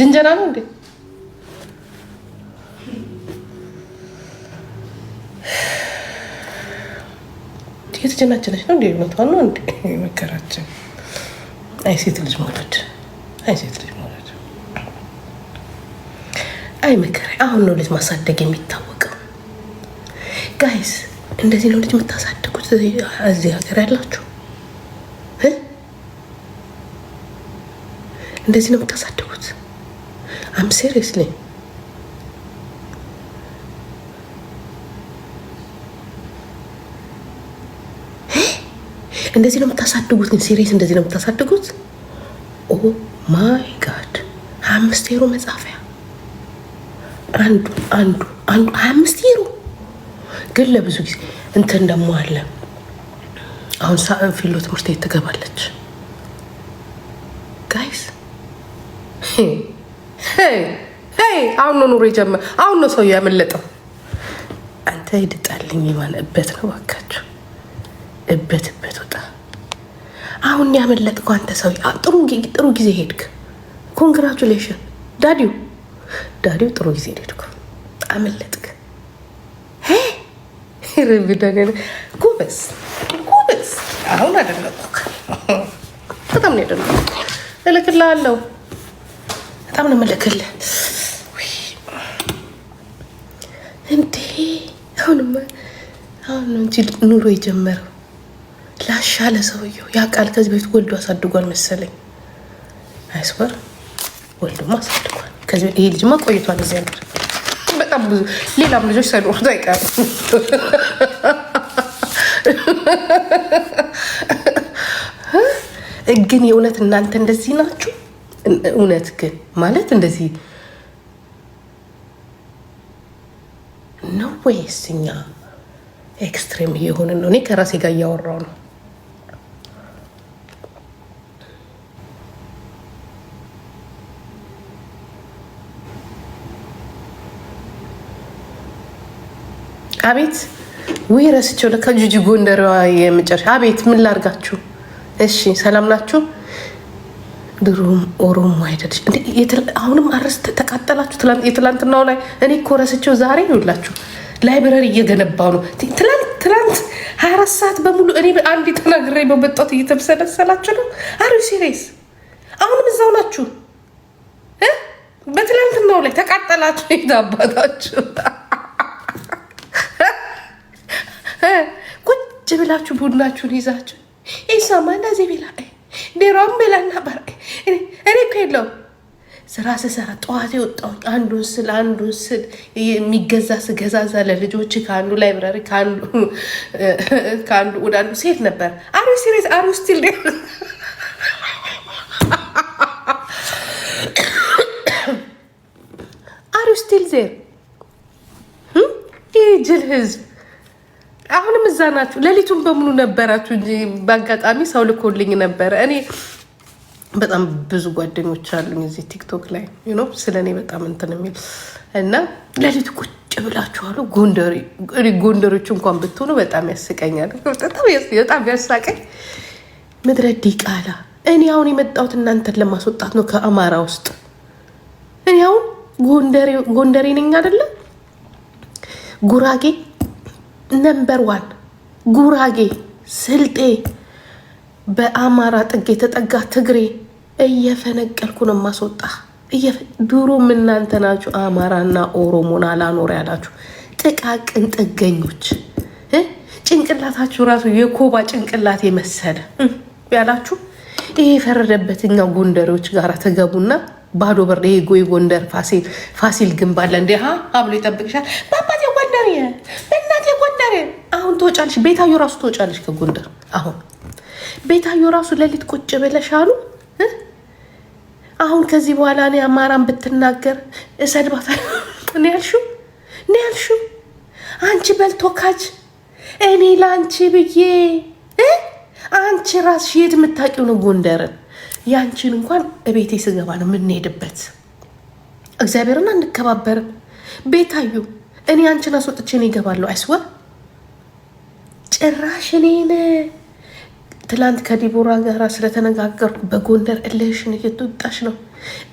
ጅንጀና ነው እንዴ? የተጀናጀነች ነው እንዴ? እውነቷ ነው እንዴ? መከራችን። አይ ሴት ልጅ መውለድ፣ አይ ሴት ልጅ መውለድ፣ አይ መከራ። አሁን ነው ልጅ ማሳደግ የሚታወቀው። ጋይስ፣ እንደዚህ ነው ልጅ የምታሳድጉት እዚህ ሀገር ያላችሁ እንደዚህ ነው የምታሳድጉት። አም ሲሪየስሊ እንደዚህ ነው የምታሳድጉት? ግን እንደዚህ ነው የምታሳድጉት? ኦ ማይ ጋድ ሀያ አምስት ዩሮ መጻፊያ አንዱ አንዱ አንዱ ሀያ አምስት ዩሮ ግን ለብዙ ጊዜ እንትን ደግሞ አለ። አሁን ሳእን ፊሎ ትምህርት ቤት ትገባለች ጋይስ አሁን ነው ኑሮ የጀመረ አሁን ነው ሰው ያመለጠው። አንተ ይድጣልኝ ይባል እበት ነው ባካችሁ፣ እበት እበት ወጣ። አሁን ያመለጥከው አንተ ሰው ጥሩ ጥሩ ጊዜ ሄድክ። ኮንግራቹሌሽን ዳዲው ዳዲው፣ ጥሩ ጊዜ ሄድኩ። አመለጥክ። ጉበዝ ጉበዝ። አሁን አደለኩ። በጣም ነው ያደለኩ። እልክልሃለሁ በጣም ነው የምልክልህ እንዴ። አሁንማ አሁን ነው እንጂ ኑሮ የጀመረው ላሻ ለሰውየው ያ ቃል ከዚህ በፊት ወልዶ አሳድጓል መሰለኝ። አይስበር ወልዶማ አሳድጓል። ከዚህ ይሄ ልጅማ ቆይቷል እዚህ ሀገር በጣም ብዙ ሌላም ልጆች ሳይኖሩት አይቀርም። ግን የእውነት እናንተ እንደዚህ ናችሁ? እውነት ግን ማለት እንደዚህ ነው ወይስ እኛ ኤክስትሪም እየሆንን ነው? እኔ ከራሴ ጋር እያወራው ነው። አቤት ውይ ረስቸው ለካ ጁጂ ጎንደሬዋ የመጨረሻ አቤት ምን ላርጋችሁ? እሺ ሰላም ናችሁ? ድሮም ኦሮሞ አይደለች። አሁንም አረስ ተቃጠላችሁ። የትላንትናው ላይ እኔ እኮ ረስቼው ዛሬ ይውላችሁ ላይብረሪ እየገነባው ነው። ትላንት ሀያ አራት ሰዓት በሙሉ እኔ አንድ ተናግሬ በመጣት እየተመሰለሰላችሁ ነው። አሪ ሲሪየስ አሁንም እዛው ናችሁ። በትላንትናው ላይ ተቃጠላችሁ። የታባታችሁ ቁጭ ብላችሁ ቡድናችሁን ይዛችሁ ኢሳማ እንደዚህ ቢላ ቢሮም ብለን ነበር። እኔ እኮ የለውም ስራ ስሰራ ጠዋት የወጣሁኝ አንዱን ስል አንዱን ስል የሚገዛ ስገዛዛ ለልጆች ከአንዱ ላይብራሪ ከአንዱ ወደ አንዱ ሴት ነበር። አሪ ሲሪስ አሪ ስቲል አሪ ስቲል ዜር ይህ ጅል ህዝብ ናችሁ። ሌሊቱን በሙሉ ነበራችሁ እንጂ በአጋጣሚ ሰው ልኮልኝ ነበረ። እኔ በጣም ብዙ ጓደኞች አሉኝ እዚህ ቲክቶክ ላይ ስለ እኔ በጣም እንትን የሚል እና ሌሊቱ ቁጭ ብላችኋሉ። ጎንደሮች እንኳን ብትሆኑ በጣም ያስቀኛል። በጣም ያሳቀኝ ምድረ ዲቃላ። እኔ አሁን የመጣሁት እናንተን ለማስወጣት ነው ከአማራ ውስጥ። እኔ አሁን ጎንደሬ ነኝ አይደለም ጉራጌ ነምበር ዋን ጉራጌ፣ ስልጤ፣ በአማራ ጥግ የተጠጋ ትግሬ እየፈነቀልኩ ነው ማስወጣ። ድሮም እናንተ ናችሁ አማራና ኦሮሞን አላኖር ያላችሁ ጥቃቅን ጥገኞች፣ ጭንቅላታችሁ ራሱ የኮባ ጭንቅላት የመሰለ ያላችሁ ይሄ የፈረደበትኛው ጎንደሬዎች ጋር ተገቡና ባዶ በር ይሄ ጎይ ጎንደር ፋሲል ፋሲል ግንብ አለ እንደ አብሎ ይጠብቅሻል። በአባቴ ጎንደር በእናቴ ጎንደር። አሁን ትወጫለሽ፣ ቤታዮ ራሱ ትወጫለሽ ከጎንደር። አሁን ቤታዮ ራሱ ለሊት ቁጭ ብለሽ አሉ አሁን ከዚህ በኋላ እኔ አማራን ብትናገር እሰድባታለሁ ነው ያልሺው፣ ነው ያልሺው። አንቺ በልቶ ካች እኔ ለአንቺ ብዬ አንቺ ራስሽ የት የምታውቂው ነው ጎንደርን ያንቺን እንኳን እቤቴ ስገባ ነው የምንሄድበት። እግዚአብሔርን አንከባበር። ቤታዩ እኔ አንቺን አስወጥቼ ነው ይገባለሁ። አይስወ ጭራሽ እኔን ትላንት ከዲቦራ ጋር ስለተነጋገርኩ በጎንደር እልሽን እየተወጣሽ ነው።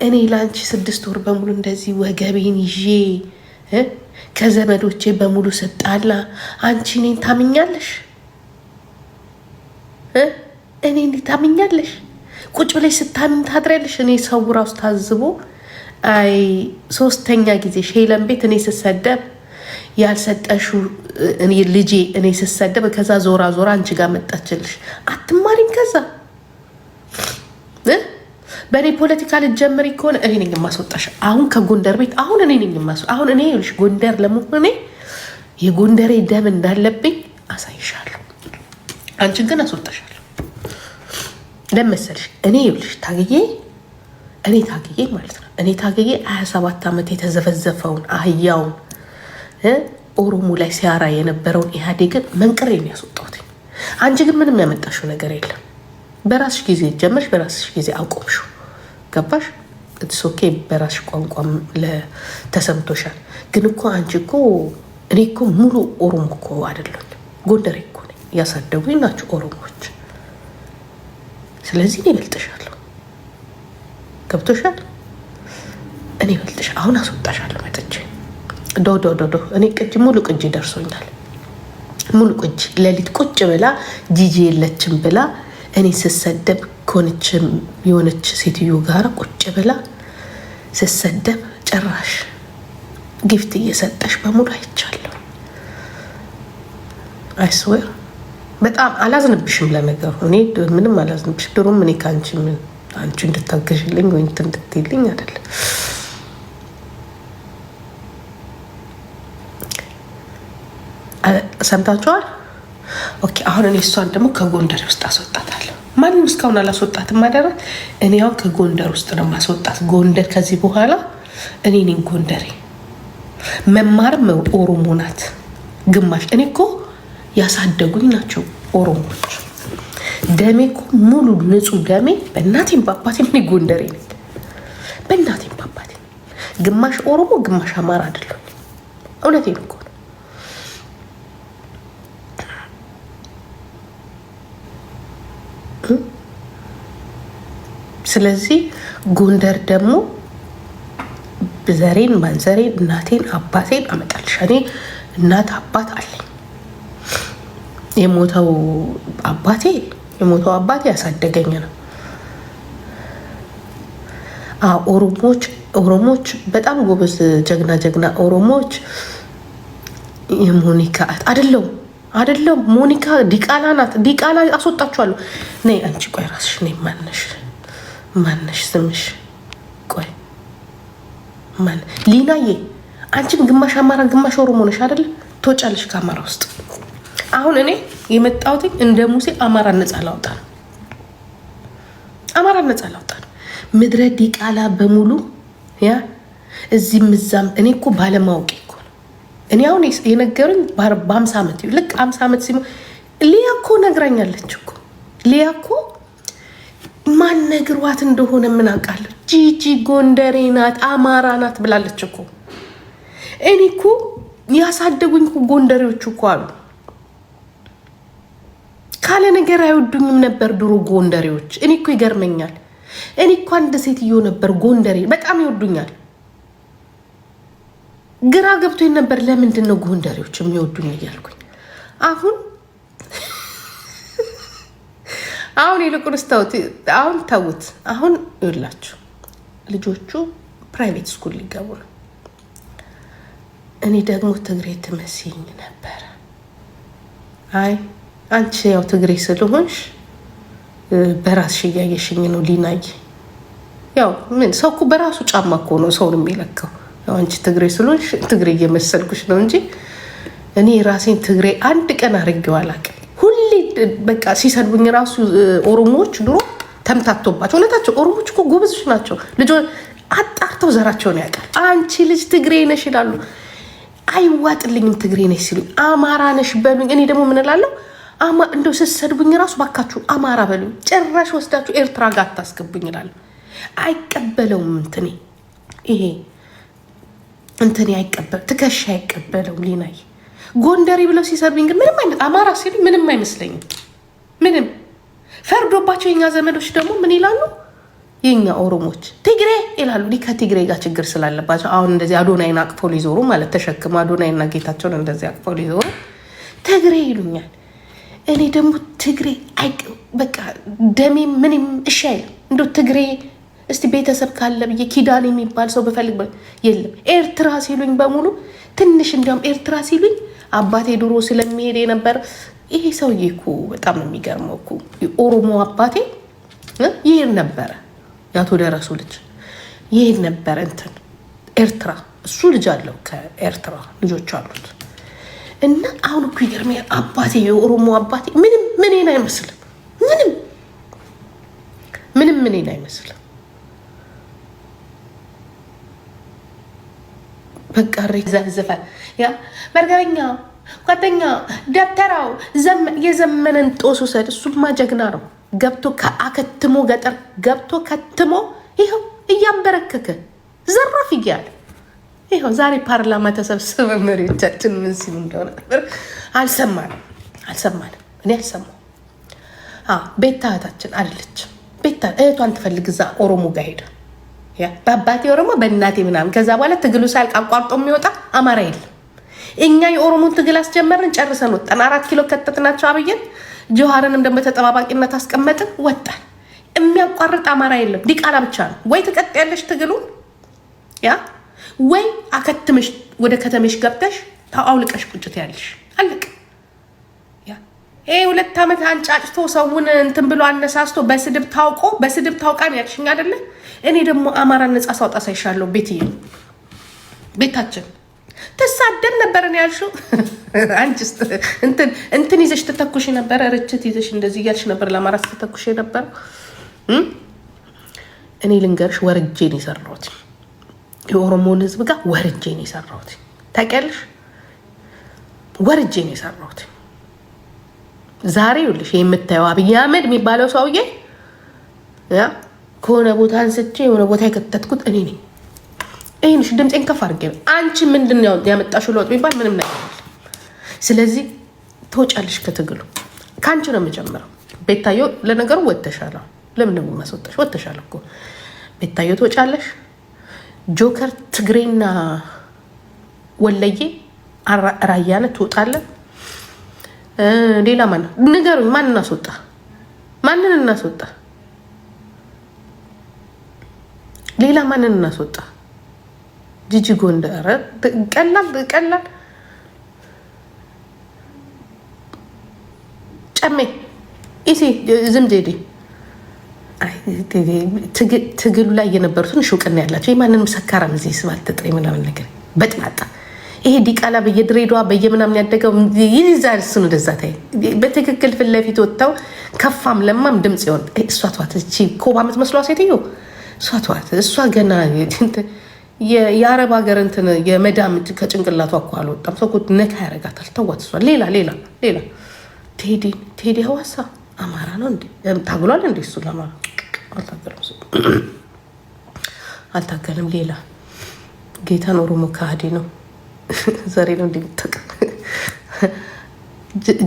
እኔ ለአንቺ ስድስት ወር በሙሉ እንደዚህ ወገቤን ይዤ ከዘመዶቼ በሙሉ ስጣላ አንቺ እኔን ታምኛለሽ? እኔ እንዲህ ታምኛለሽ? ቁጭ ብለሽ ስታምም ታድሪያለሽ። እኔ ሰው ራሱ ታዝቦ አይ ሶስተኛ ጊዜ ሼለን ቤት እኔ ስሰደብ ያልሰጠሹ ልጄ እኔ ስሰደብ ከዛ ዞራ ዞራ አንቺ ጋር መጣችልሽ። አትማሪም ከዛ በእኔ ፖለቲካ ልትጀምሪ ከሆነ እኔ ነኝ የማስወጣሽ። አሁን ከጎንደር ቤት አሁን እኔ ነኝ የማስ አሁን እኔ ይኸውልሽ ጎንደር ለመሆኔ የጎንደሬ ደም እንዳለብኝ አሳይሻለሁ። አንቺን ግን አስወጣሻል። ለመሰልሽ እኔ ይብልሽ ታግዬ እኔ ታግዬ ማለት ነው። እኔ ታግዬ ሀያ ሰባት ዓመት የተዘፈዘፈውን አህያውን ኦሮሞ ላይ ሲያራ የነበረውን ኢህአዴግን መንቅሬ ነው ያስወጣሁት። አንቺ ግን ምንም ያመጣሽው ነገር የለም። በራስሽ ጊዜ ጀመርሽ፣ በራስሽ ጊዜ አቆምሽው። ገባሽ? ኦኬ በራስሽ ቋንቋም ተሰምቶሻል። ግን እኮ አንቺ እኮ እኔ እኮ ሙሉ ኦሮሞ እኮ አይደለሁም፣ ጎንደሬ እኮ ነኝ። ያሳደጉኝ ናቸው ኦሮሞዎች። ስለዚህ እኔ እበልጥሻለሁ። ገብቶሻል? እኔ እበልጥሻ አሁን አስወጣሻለሁ። መጥቼ ዶ ዶ ዶ ዶ እኔ ቅጅ ሙሉ ቅጅ ደርሶኛል። ሙሉ ቅጅ ሌሊት ቁጭ ብላ ጂጂ የለችም ብላ እኔ ስሰደብ ከሆነች የሆነች ሴትዮ ጋር ቁጭ ብላ ስሰደብ ጭራሽ ጊፍት እየሰጠሽ በሙሉ አይቻለሁ። አይስዌር በጣም አላዝንብሽም። ለነገሩ እኔ ምንም አላዝንብሽ ድሮ ምን ከአንቺ ምን አንቺ እንድታገዥልኝ ወይ እንድትይልኝ አይደለም። ሰምታችኋል። ኦኬ። አሁን እኔ እሷን ደግሞ ከጎንደር ውስጥ አስወጣታለሁ። ማንም እስካሁን አላስወጣትም ማደረ እኔ አሁን ከጎንደር ውስጥ ነው ማስወጣት። ጎንደር ከዚህ በኋላ እኔ ነኝ ጎንደሬ። መማርም ኦሮሞ ናት ግማሽ። እኔ እኮ ያሳደጉኝ ናቸው ኦሮሞዎች። ደሜ እኮ ሙሉ ንጹህ ደሜ በእናቴም በአባቴም እኔ ጎንደሬ ነኝ። በእናቴም በአባቴም ግማሽ ኦሮሞ ግማሽ አማራ አይደለሁም። እውነቴን እኮ ነው። ስለዚህ ጎንደር ደግሞ ዘሬን ማንዘሬን እናቴን አባቴን አመጣልሻ። እኔ እናት አባት አለኝ። የሞተው አባቴ የሞተው አባቴ ያሳደገኝ ነው። ኦሮሞች ኦሮሞች በጣም ጎበዝ ጀግና ጀግና ኦሮሞዎች የሞኒካ አደለው አደለው ሞኒካ ዲቃላ ናት። ዲቃላ አስወጣችኋለሁ። ነይ አንቺ ቆይ ራስሽ ነይ። ማነሽ ማነሽ ስምሽ? ቆይ ማን ሊናዬ? አንቺም ግማሽ አማራ ግማሽ ኦሮሞ ነሽ አደለ? ትወጫለሽ ከአማራ ውስጥ አሁን እኔ የመጣሁት እንደ ሙሴ አማራ ነጻ ላውጣ ነው። አማራ ነጻ ላውጣ ነው። ምድረ ዲቃላ በሙሉ ያ እዚህም እዛም። እኔ እኮ ባለማወቅ እኮ ነው። እኔ አሁን የነገሩኝ በአምሳ ዓመት ልክ አምሳ ዓመት ሲሞ ሊያ እኮ ነግራኛለች እኮ ሊያ እኮ ማን ነግሯት እንደሆነ ምን አውቃለሁ። ጂጂ ጎንደሬ ናት አማራ ናት ብላለች እኮ። እኔ እኮ ያሳደጉኝ ጎንደሬዎች እኮ አሉ ካለ ነገር አይወዱኝም ነበር ድሮ ጎንደሬዎች። እኔ እኮ ይገርመኛል። እኔ እኮ አንድ ሴትዮ ነበር ጎንደሬ በጣም ይወዱኛል። ግራ ገብቶኝ ነበር ለምንድን ነው ጎንደሬዎች የሚወዱኝ እያልኩኝ አሁን አሁን ይልቁንስ ተውት። አሁን ተውት። አሁን ይውላችሁ ልጆቹ ፕራይቬት ስኩል ሊገቡ ነው። እኔ ደግሞ ትግሬ ትመስኝ ነበር አይ አንቺ ያው ትግሬ ስለሆንሽ በራስሽ እያየሽኝ ነው ሊናይ። ያው ምን ሰው እኮ በራሱ ጫማ እኮ ነው ሰውን የሚለካው። አንቺ ትግሬ ስለሆንሽ ትግሬ እየመሰልኩሽ ነው እንጂ እኔ ራሴን ትግሬ አንድ ቀን አድርጌው አላውቅም። ሁሌ በቃ ሲሰድቡኝ ራሱ ኦሮሞዎች ድሮ ተምታቶባቸው እውነታቸው። ኦሮሞች እኮ ጎበዞች ናቸው። ልጆ አጣርተው ዘራቸውን ያውቃል። አንቺ ልጅ ትግሬ ነሽ ይላሉ። አይዋጥልኝም ትግሬ ነሽ ሲሉኝ፣ አማራ ነሽ በሉኝ። እኔ ደግሞ ምን እላለሁ እንደው ስትሰድቡኝ ራሱ ባካችሁ አማራ በሉኝ፣ ጭራሽ ወስዳችሁ ኤርትራ ጋር አታስገቡኝ ይላል። አይቀበለውም እንትኔ ይሄ እንትኔ አይቀበል ትከሻ አይቀበለውም። ሊናይ ጎንደሪ ብለው ሲሰድቡኝ ግን ምንም አይነት አማራ ሲሉ ምንም አይመስለኝም። ምንም ፈርዶባቸው የኛ ዘመዶች ደግሞ ምን ይላሉ? የኛ ኦሮሞች ትግሬ ይላሉ። ከትግሬ ጋር ችግር ስላለባቸው አሁን እንደዚህ አዶናይን አቅፈው ሊዞሩ ማለት ተሸክመው አዶናይና ጌታቸውን እንደዚህ አቅፈው ሊዞሩ ትግሬ ይሉኛል። እኔ ደግሞ ትግሬ አይቅ በቃ ደሜ ምንም እሺ አይልም። እንዶ ትግሬ እስቲ ቤተሰብ ካለ ብዬ ኪዳን የሚባል ሰው ብፈልግ የለም። ኤርትራ ሲሉኝ በሙሉ ትንሽ እንዲያውም ኤርትራ ሲሉኝ አባቴ ድሮ ስለሚሄድ የነበር ይሄ ሰውዬ እኮ በጣም የሚገርመው እኮ የኦሮሞ አባቴ ይሄድ ነበረ፣ የአቶ ደረሱ ልጅ ይሄድ ነበረ እንትን ኤርትራ። እሱ ልጅ አለው ከኤርትራ ልጆች አሉት። እና አሁን እኮ ይገርምያል። አባቴ የኦሮሞ አባቴ ምንም ምኔን አይመስልም። ምንም ምንም ምኔን አይመስልም። በቃ ዘፈን ያ መርገበኛ ጓደኛ ደብተራው የዘመነን ጦስ ውሰድ። እሱማ ጀግና ነው። ገብቶ ከአከትሞ ገጠር ገብቶ ከትሞ ይኸው እያንበረከከ ዘራፍ እያለ ይኸው ዛሬ ፓርላማ ተሰብስበ መሪዎቻችን ምን ሲሉ እንደሆነ ነበር። አልሰማንም አልሰማንም። እኔ አልሰማሁም። ቤታ እህታችን አለች። ቤታ እህቷን ትፈልግ እዛ ኦሮሞ ጋር ሄደ። በአባቴ ኦሮሞ በእናቴ ምናምን። ከዛ በኋላ ትግሉ ሳያልቅ አቋርጦ የሚወጣ አማራ የለም። እኛ የኦሮሞን ትግል አስጀመርን፣ ጨርሰን ወጣን። አራት ኪሎ ከተትናቸው አብይን፣ ጀዋርንም ደግሞ ተጠባባቂነት አስቀመጥን፣ ወጣን። የሚያቋርጥ አማራ የለም። ዲቃላ ብቻ ነው ወይ ትቀጥ ያለች ትግሉን ያ ወይ አከትመሽ ወደ ከተመሽ ገብተሽ አውልቀሽ ቁጭት ያለሽ አለቅ። ይሄ ሁለት ዓመት አንጫጭቶ ሰውን እንትን ብሎ አነሳስቶ በስድብ ታውቆ በስድብ ታውቃን ያልሽኝ አደለ? እኔ ደግሞ አማራ ነጻ ሳውጣ ሳይሻለሁ ቤትዬ ቤታችን ትሳደብ ነበር ነው ያልሽው። አንቺስ እንትን ይዘሽ ተተኩሽ ነበረ፣ ርችት ይዘሽ እንደዚህ እያልሽ ነበር ለአማራ ተተኩሽ ነበር። እኔ ልንገርሽ ወርጄን የሰራሁት የኦሮሞን ህዝብ ጋር ወርጄ ነው የሰራሁት። ታውቂያለሽ፣ ወርጄ ነው የሰራሁት። ዛሬ ይኸውልሽ የምታየው አብይ አህመድ የሚባለው ሰውዬ ከሆነ ቦታ አንስቼ የሆነ ቦታ የከተትኩት እኔ ነኝ። ይህንሽ ድምፄን ከፍ አድርጌ አንቺ ምንድን ነው ያመጣሽው ለውጥ የሚባል ምንም ነገር ስለዚህ ትወጫለሽ ከትግሉ ከአንቺ ነው የምጀምረው። ቤታየው ለነገሩ ወተሻለሁ። ለምን ደግሞ ማስወጣሽ? ወተሻለሁ እኮ ቤታየው ትወጫለሽ። ጆከር ትግሬና ወለዬ ራያነ ትወጣለን። ሌላ ማን ንገሩኝ? ማን እናስወጣ? ማንን እናስወጣ? ሌላ ማንን እናስወጣ? ጂጂ ጎንደር ቀላል ቀላል ጨሜ ዝም ዜዴ ትግሉ ላይ የነበሩትን እውቅና ያላቸው የማንንም ሰካራም እዚህ ስም አትጥሪ ምናምን ነገር በጥማጣ ይሄ ዲቃላ በየድሬዳዋ በየምናምን ያደገው ይዛል። እሱን እንደዛ ታይ በትክክል ፊት ለፊት ወጥተው ከፋም ለማም ድምፅ ይሆን እሷ ተዋት። እቺ ኮባ የምትመስሏ ሴትዮ እሷ ተዋት። እሷ ገና የአረብ ሀገር እንትን የመዳም ከጭንቅላቷ እኮ አልወጣም። ሰው ነካ ያረጋታል። ተዋት እሷ ሌላ ሌላ ሌላ ቴዲ ቴዲ ሀዋሳ አማራ ነው እንዴ? ታግሏል እንዴ? እሱ ለአማራ አልታገለም፣ አልታገለም። ሌላ ጌታን ኦሮሞ ከሃዲ ነው። ዛሬ ነው እንደሚጠቅ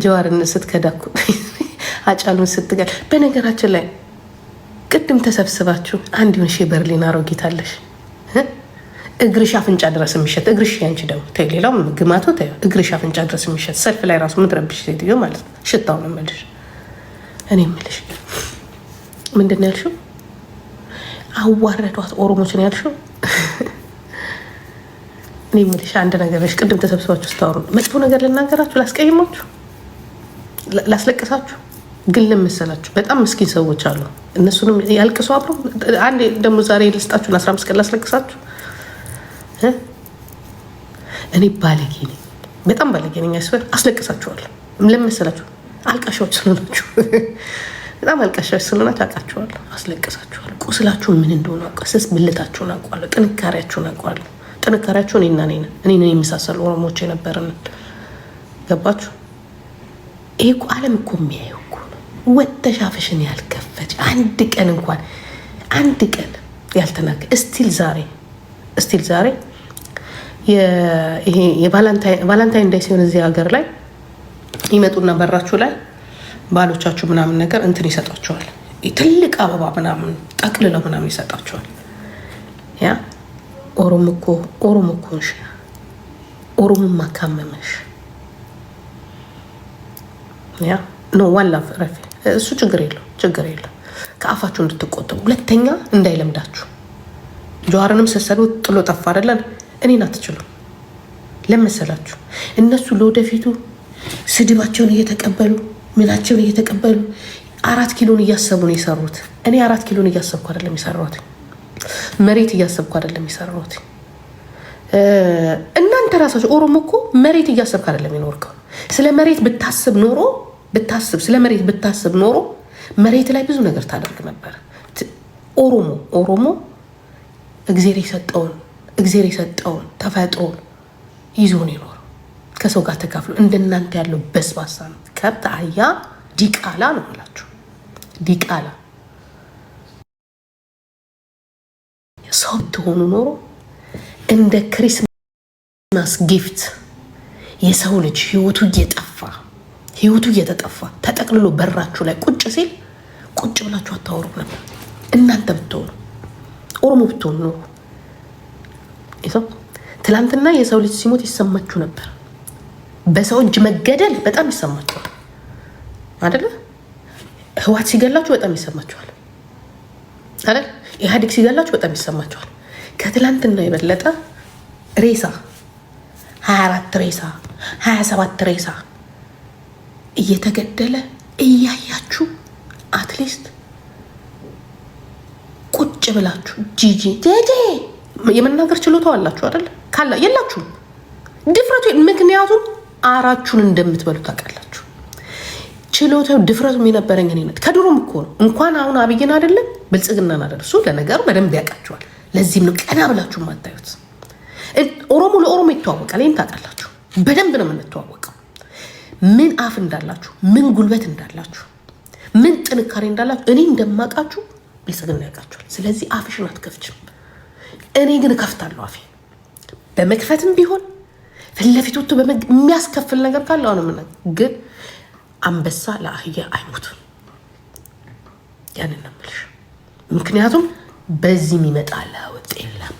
ጀዋርን ስትከዳኩ አጫሉን ስትገል። በነገራችን ላይ ቅድም ተሰብስባችሁ አንድ ሆን ሺ በርሊን አሮጊታለሽ እግርሽ አፍንጫ ድረስ የሚሸጥ እግርሽ፣ ያንቺ ደግሞ ተይ፣ ሌላው ግማቶ ተይ፣ እግርሽ አፍንጫ ድረስ የሚሸጥ ሰልፍ ላይ ራሱ ምትረብሽ ሴትዮ ማለት ነው። ሽታውን መልሽ እኔ የምልሽ ምንድን ነው ያልሽው? አዋረዷት ኦሮሞች ነው ያልሽው? እኔ የምልሽ አንድ ነገር ነሽ። ቅድም ተሰብስባችሁ ስታወሩ መጥፎ ነገር ልናገራችሁ፣ ላስቀይማችሁ፣ ላስለቅሳችሁ ግን ልምሰላችሁ በጣም ምስኪን ሰዎች አሉ። እነሱንም ያልቅሱ አብሮ አንድ ደግሞ ዛሬ ልስጣችሁ፣ አምስት ቀን ላስለቅሳችሁ። እኔ ባለጌ ነኝ፣ በጣም ባለጌ ነኝ። ያስፈር አስለቅሳችኋለሁ። ለምሰላችሁ አልቃሻዎች ስለሆናችሁ በጣም አልቃሻዎች ስለሆናችሁ አውቃችኋለሁ። አስለቅሳችኋለሁ። ቁስላችሁን ምን እንደሆነ ቀስስ ብልታችሁን አውቀዋለሁ። ጥንካሬያችሁን አውቀዋለሁ። ጥንካሬያችሁ እኔና እኔ ነን። እኔ የሚሳሰሉ ኦሮሞዎች የነበርን ገባችሁ? ይሄ እኮ ዓለም እኮ የሚያየው እኮ ነው። ወጥተሽ አፍሽን ያልከፈች አንድ ቀን እንኳን አንድ ቀን ያልተናገ እስቲል ዛሬ እስቲል ዛሬ ይሄ የቫላንታይን ዳይ ሲሆን እዚህ ሀገር ላይ ይመጡና በራችሁ ላይ ባሎቻችሁ ምናምን ነገር እንትን ይሰጣችኋል። ትልቅ አበባ ምናምን ጠቅልለው ምናምን ይሰጣችኋል። ያ ኦሮሞ እኮ ኦሮሞ እኮንሽ ኦሮሞ ማካመመሽ ያ ኖ ዋላ ረፌ እሱ ችግር የለው ችግር የለው። ከአፋችሁ እንድትቆጠቡ ሁለተኛ እንዳይለምዳችሁ። ጀዋርንም ስትሰሩ ጥሎ ጠፋ አይደለን እኔን አትችሉም ለመሰላችሁ እነሱ ለወደፊቱ ስድባቸውን እየተቀበሉ ምናቸውን እየተቀበሉ አራት ኪሎን እያሰቡ ነው የሰሩት። እኔ አራት ኪሎን እያሰብኩ አይደለም የሰራሁት፣ መሬት እያሰብኩ አይደለም የሰራሁት። እናንተ ራሳችሁ ኦሮሞ እኮ መሬት እያሰብክ አይደለም የኖርከው። ስለ መሬት ብታስብ ኖሮ ብታስብ ስለ መሬት ብታስብ ኖሮ መሬት ላይ ብዙ ነገር ታደርግ ነበር። ኦሮሞ ኦሮሞ እግዜር የሰጠውን እግዜር የሰጠውን ተፈጥሮን ይዞን ነው ከሰው ጋር ተካፍሎ እንደናንተ ያለው በስባሳ ነው። ከብት፣ አህያ፣ ዲቃላ ነው ላችሁ። ዲቃላ ሰው ብትሆኑ ኖሮ እንደ ክሪስማስ ጊፍት የሰው ልጅ ህይወቱ እየጠፋ ህይወቱ እየተጠፋ ተጠቅልሎ በራችሁ ላይ ቁጭ ሲል ቁጭ ብላችሁ አታወሩ ነበር። እናንተ ብትሆኑ ኦሮሞ ብትሆኑ ኖሮ ትላንትና የሰው ልጅ ሲሞት ይሰማችሁ ነበር። በሰው እጅ መገደል በጣም ይሰማቸዋል አደለ? ህወሓት ሲገላችሁ በጣም ይሰማቸዋል አ ኢህአዴግ ሲገላችሁ በጣም ይሰማቸዋል። ከትላንትና የበለጠ ሬሳ 24 ሬሳ 27 ሬሳ እየተገደለ እያያችሁ አትሊስት ቁጭ ብላችሁ ጂጂ ጄጄ የመናገር ችሎታው አላችሁ አደለ ካላ የላችሁም ድፍረቱ ምክንያቱም አራችሁን እንደምትበሉ ታውቃላችሁ። ችሎታው ድፍረቱም የነበረኝ እኔነት ከድሮም እኮ ነው እንኳን አሁን አብይን አይደለም ብልጽግና አይደለም። እሱ ለነገሩ በደንብ ያውቃቸዋል። ለዚህም ነው ቀና ብላችሁ ማታዩት። ኦሮሞ ለኦሮሞ ይተዋወቃል። ይህን ታውቃላችሁ። በደንብ ነው የምንተዋወቀው። ምን አፍ እንዳላችሁ፣ ምን ጉልበት እንዳላችሁ፣ ምን ጥንካሬ እንዳላችሁ እኔ እንደማውቃችሁ ብልጽግና ያውቃቸዋል ስለዚህ አፍሽን አትከፍችም። እኔ ግን እከፍታለሁ አፌ በመክፈትም ቢሆን ፊት ለፊት ወጥቶ የሚያስከፍል ነገር ካለ አሁን ምን ግን አንበሳ ለአህያ አይሞትም። ያንን ነው ምክንያቱም በዚህ የሚመጣ ለውጥ የለም።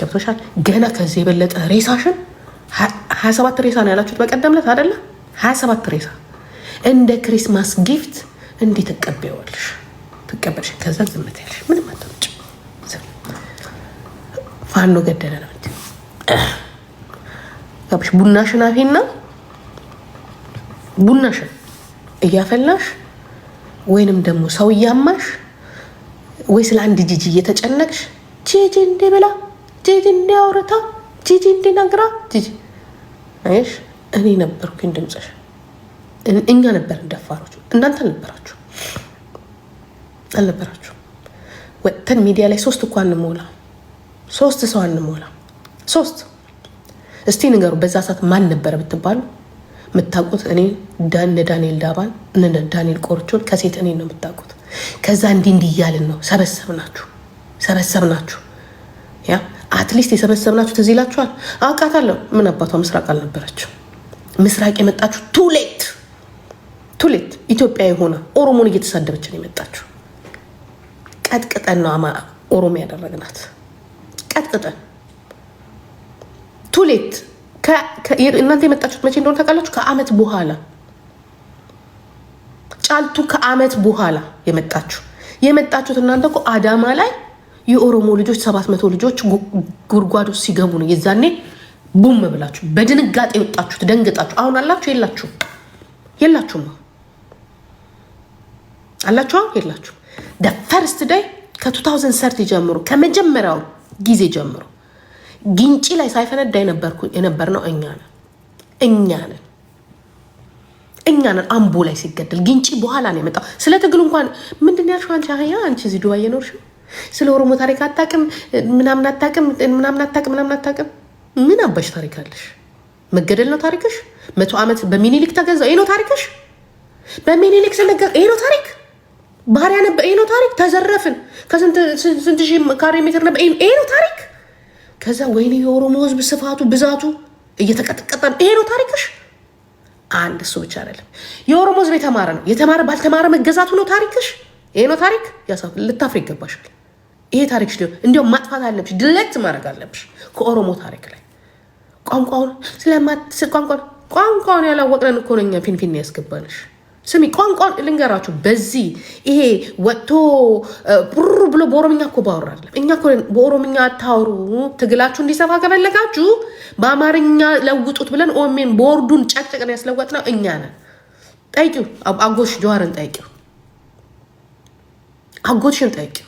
ገብቶሻል? ገና ከዚህ የበለጠ ሬሳሽን ሀያ ሰባት ሬሳ ነው ያላችሁት በቀደምለት አይደለ? ሀያ ሰባት ሬሳ እንደ ክሪስማስ ጊፍት እንዲህ ትቀበያለሽ ትቀበልሽ ከዛ ዝምት ያለሽ ምንም ፋኖ ገደለ ነው ጋብሽ ቡናሽን አፌና ቡናሽን እያፈላሽ ወይንም ደግሞ ሰው እያማሽ ወይ ስለ አንድ ጂጂ እየተጨነቅሽ ጂጂ እንዴ ብላ ጂጂ እንዴ አውርታ ጂጂ እንዴ ነግራ ጂጂ አይሽ እኔ ነበርኩኝ ድምፅሽ። እኛ ነበር ደፋሮች፣ እናንተ አልነበራችሁ አልነበራችሁ። ወጥተን ሚዲያ ላይ ሶስት እኳ እንሞላ ሶስት ሰው አንሞላ። ሶስት እስቲ ንገሩ፣ በዛ ሰዓት ማን ነበረ ብትባሉ የምታውቁት እኔ እነ ዳንኤል ዳባን እነ ዳንኤል ቆርቾን ከሴት እኔ ነው የምታውቁት። ከዛ እንዲህ እንዲህ እያልን ነው ሰበሰብናችሁ ሰበሰብናችሁ። ያ አትሊስት የሰበሰብናችሁ ትዝ ይላችኋል። አውቃታለሁ። ምን አባቷ ምስራቅ አልነበረች ምስራቅ የመጣችሁ ቱሌት ቱሌት ኢትዮጵያ የሆነ ኦሮሞን እየተሳደበችን የመጣችሁ ቀጥቅጠን ነው ኦሮሞ ያደረግናት። ቀጥቅጥ ቱሌት እናንተ የመጣችሁት መቼ እንደሆነ ታውቃላችሁ? ከአመት በኋላ ጫልቱ ከአመት በኋላ የመጣችሁ የመጣችሁት እናንተ እኮ አዳማ ላይ የኦሮሞ ልጆች ሰባት መቶ ልጆች ጉድጓድ ሲገቡ ነው። የዛኔ ቡም ብላችሁ በድንጋጤ ወጣችሁት፣ ደንግጣችሁ። አሁን አላችሁ የላችሁ የላችሁም አላችሁ አሁን የላችሁ። ፈርስት ደይ ከ2030 ጀምሮ ከመጀመሪያው ጊዜ ጀምሮ ግንጪ ላይ ሳይፈነዳ የነበርነው እኛ ነን። እኛ ነን እኛ ነን። አምቦ ላይ ሲገደል ግንጪ በኋላ ነው የመጣው። ስለ ትግሉ እንኳን ምንድን ያልሽው አንቺ አህያ፣ አንቺ እዚህ ዱባይ የኖርሽው ስለ ኦሮሞ ታሪክ አታውቅም፣ ምናምን አታውቅም፣ ምናምን አታውቅም፣ ምናምን አታውቅም። ምን አባሽ ታሪክ አለሽ? መገደል ነው ታሪክሽ? መቶ ዓመት በሚኒሊክ ተገዛ ይህ ነው ታሪክሽ? በሚኒሊክ ስንገ ይህ ነው ታሪክ ባህሪያ ነበር። ይሄ ነው ታሪክ። ተዘረፍን። ከስንት ሺህ ካሬ ሜትር ነበር። ይሄ ነው ታሪክ። ከዛ ወይኔ የኦሮሞ ህዝብ ስፋቱ፣ ብዛቱ እየተቀጠቀጠ ይሄ ነው ታሪክሽ። አንድ እሱ ብቻ አይደለም። የኦሮሞ ህዝብ የተማረ ነው። የተማረ ባልተማረ መገዛቱ ነው ታሪክሽ። ይሄ ነው ታሪክ። ልታፍር ይገባሻል። ይሄ ታሪክሽ እንዲያውም ማጥፋት አለብሽ። ድለት ማድረግ አለብሽ ከኦሮሞ ታሪክ ላይ ቋንቋውን ስለማ ቋንቋውን ያላወቅነን እኮ ነው እኛ ፊንፊኔ ያስገባንሽ። ስሚ ቋንቋ ልንገራችሁ። በዚህ ይሄ ወጥቶ ብሩ ብሎ በኦሮምኛ እኮ ባወራለም። እኛ በኦሮምኛ አታውሩ፣ ትግላችሁ እንዲሰፋ ከፈለጋችሁ በአማርኛ ለውጡት ብለን ኦሜን ቦርዱን ጨቅጨቅን ያስለወጥነው እኛ ነን። ጠይቂው፣ አጎሽ ጀዋርን ጠይቂው፣ አጎሽን ጠይቂው።